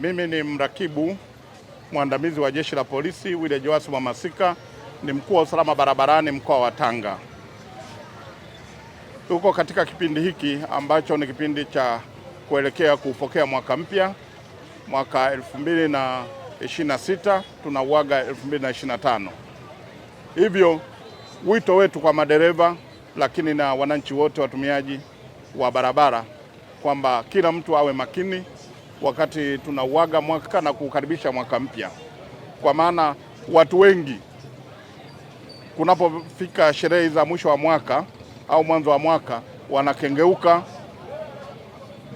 Mimi ni mrakibu mwandamizi wa Jeshi la Polisi Willy Joasi Mwamasika, ni mkuu wa usalama barabarani mkoa wa Tanga. Tuko katika kipindi hiki ambacho ni kipindi cha kuelekea kupokea mwaka mpya, mwaka 2026 tunauaga 2025. Hivyo wito wetu kwa madereva, lakini na wananchi wote watumiaji wa barabara kwamba kila mtu awe makini wakati tunauaga mwaka na kukaribisha mwaka mpya, kwa maana watu wengi kunapofika sherehe za mwisho wa mwaka au mwanzo wa mwaka wanakengeuka,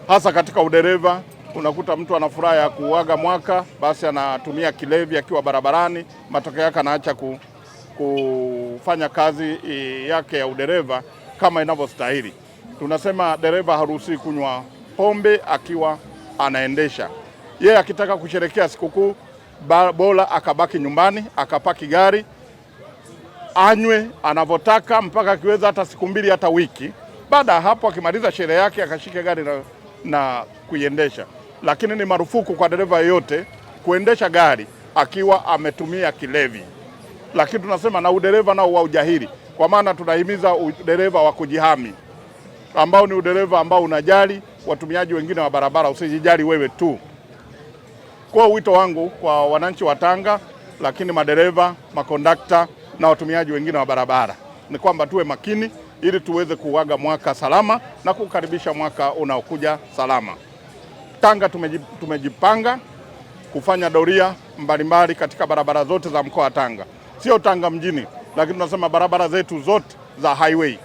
hasa katika udereva. Unakuta mtu ana furaha ya kuuaga mwaka, basi anatumia kilevi akiwa barabarani, matokeo yake anaacha ku, kufanya kazi yake ya udereva kama inavyostahili. Tunasema dereva haruhusi kunywa pombe akiwa anaendesha yeye. Yeah, akitaka kusherekea sikukuu bora akabaki nyumbani akapaki gari anywe anavyotaka mpaka akiweza hata siku mbili hata wiki. Baada ya hapo akimaliza sherehe yake akashike gari na, na kuiendesha. Lakini ni marufuku kwa dereva yeyote kuendesha gari akiwa ametumia kilevi. Lakini tunasema na udereva nao wa ujahili, kwa maana tunahimiza udereva wa kujihami ambao ni udereva ambao unajali watumiaji wengine wa barabara, usijijali wewe tu. Kwa wito wangu kwa wananchi wa Tanga, lakini madereva, makondakta na watumiaji wengine wa barabara ni kwamba tuwe makini ili tuweze kuaga mwaka salama na kukaribisha mwaka unaokuja salama. Tanga tumejipanga kufanya doria mbalimbali katika barabara zote za mkoa wa Tanga, sio Tanga mjini, lakini tunasema barabara zetu zote za highway,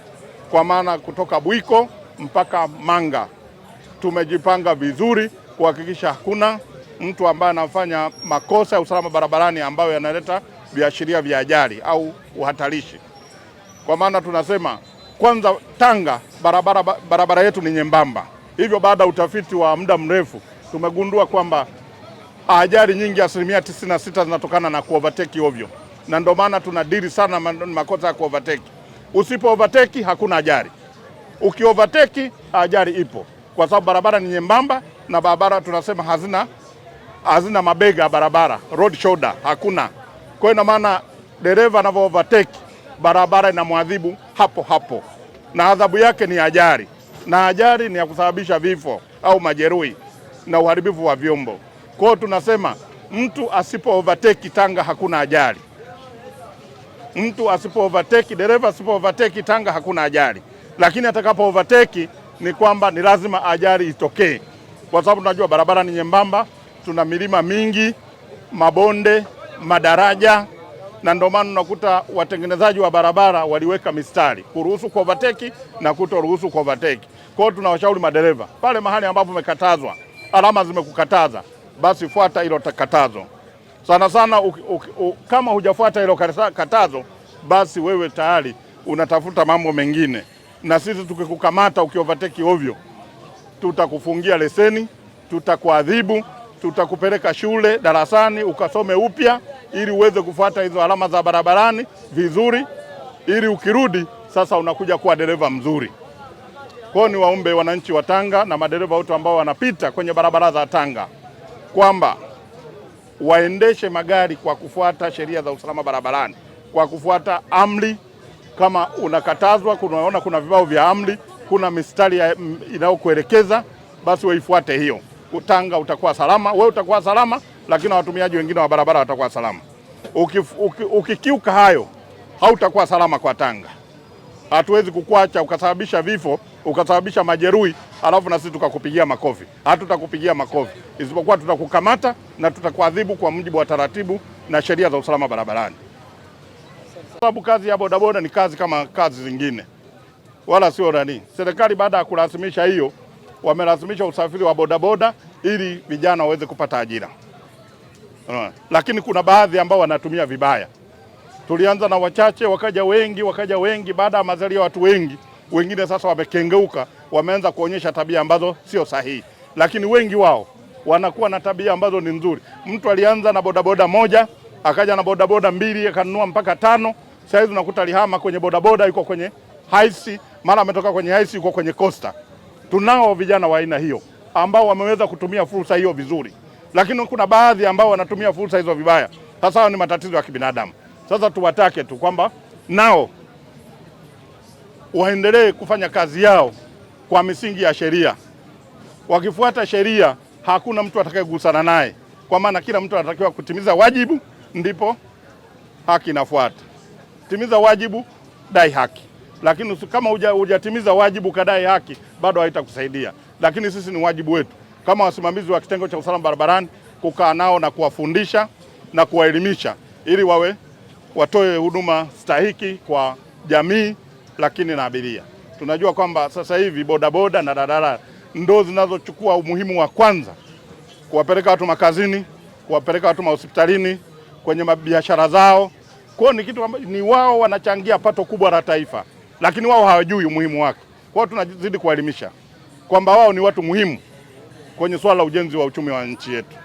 kwa maana kutoka Bwiko mpaka Manga tumejipanga vizuri kuhakikisha hakuna mtu ambaye anafanya makosa ya usalama barabarani ambayo yanaleta viashiria vya ajali au uhatarishi. Kwa maana tunasema kwanza, Tanga barabara, barabara yetu ni nyembamba, hivyo baada ya utafiti wa muda mrefu tumegundua kwamba ajali nyingi asilimia 96 zinatokana na kuovateki ovyo, na ndio maana tunadiri sana makosa ya kuovateki. Usipo overtake hakuna ajali, ukiovateki ajali ipo kwa sababu barabara ni nyembamba na barabara tunasema hazina, hazina mabega ya barabara, road shoulder hakuna. Kwa hiyo maana dereva anavyo overtake barabara inamwadhibu hapo hapo, na adhabu yake ni ajali, na ajali ni ya kusababisha vifo au majeruhi na uharibifu wa vyombo. Kwa hiyo tunasema mtu asipo overtake Tanga hakuna ajali, mtu asipo overtake dereva asipo overtake Tanga hakuna ajali, lakini atakapo overtake ni kwamba ni lazima ajali itokee, kwa sababu tunajua barabara ni nyembamba, tuna milima mingi, mabonde, madaraja, na ndio maana unakuta watengenezaji wa barabara waliweka mistari kuruhusu kuovateki na kutoruhusu kuovateki. Kwa hiyo tunawashauri madereva pale mahali ambapo umekatazwa, alama zimekukataza, basi fuata hilo katazo sana sana. u, u, u, kama hujafuata hilo katazo, basi wewe tayari unatafuta mambo mengine na sisi tukikukamata ukiovateki ovyo, tutakufungia leseni, tutakuadhibu, tutakupeleka shule darasani ukasome upya, ili uweze kufuata hizo alama za barabarani vizuri, ili ukirudi sasa unakuja kuwa dereva mzuri. Kwa ni waombe wananchi wa Tanga na madereva wote ambao wanapita kwenye barabara za Tanga kwamba waendeshe magari kwa kufuata sheria za usalama barabarani, kwa kufuata amri kama unakatazwa, kunaona kuna vibao vya amri, kuna mistari inayokuelekeza basi waifuate hiyo. Tanga utakuwa salama, wewe utakuwa salama, lakini watumiaji wengine wa barabara watakuwa salama. Ukif, uki, ukikiuka hayo hautakuwa salama kwa Tanga. Hatuwezi kukuacha ukasababisha vifo ukasababisha majeruhi, alafu na sisi tukakupigia makofi. Hatutakupigia makofi, isipokuwa tutakukamata na tutakuadhibu kwa mujibu wa taratibu na sheria za usalama barabarani sababu kazi ya bodaboda ni kazi kama kazi zingine, wala sio nani. Serikali baada ya kurasimisha hiyo, wamerasimisha usafiri wa bodaboda ili vijana waweze kupata ajira, lakini kuna baadhi ambao wanatumia vibaya. Tulianza na wachache, wakaja wengi, wakaja wengi. Baada ya mazalia watu wengi, wengine sasa wamekengeuka, wameanza kuonyesha tabia ambazo sio sahihi, lakini wengi wao wanakuwa na tabia ambazo ni nzuri. Mtu alianza na bodaboda moja, akaja na bodaboda mbili, akanunua mpaka tano. Sasa hizi unakuta Lihama kwenye bodaboda yuko kwenye haisi, mara ametoka kwenye haisi yuko kwenye kosta. Tunao vijana wa aina hiyo ambao wameweza kutumia fursa hiyo vizuri, lakini kuna baadhi ambao wanatumia fursa hizo vibaya. Sasa ni matatizo ya kibinadamu. Sasa tuwatake tu kwamba nao waendelee kufanya kazi yao kwa misingi ya sheria. Wakifuata sheria, hakuna mtu atakayegusana naye, kwa maana kila mtu anatakiwa kutimiza wajibu, ndipo haki inafuata timiza wajibu, dai haki. Lakini kama hujatimiza wajibu kadai haki, bado haitakusaidia. Lakini sisi ni wajibu wetu kama wasimamizi wa kitengo cha usalama barabarani kukaa nao na kuwafundisha na kuwaelimisha ili wawe watoe huduma stahiki kwa jamii, lakini na abiria. Tunajua kwamba sasa hivi bodaboda na daladala ndo zinazochukua umuhimu wa kwanza kuwapeleka watu makazini, kuwapeleka watu mahospitalini, kwenye biashara zao. Kwa ni kitu ambacho ni wao wanachangia pato kubwa la taifa, lakini wao hawajui umuhimu wake. Kwa hiyo tunazidi kuwaelimisha kwamba wao ni watu muhimu kwenye swala la ujenzi wa uchumi wa nchi yetu.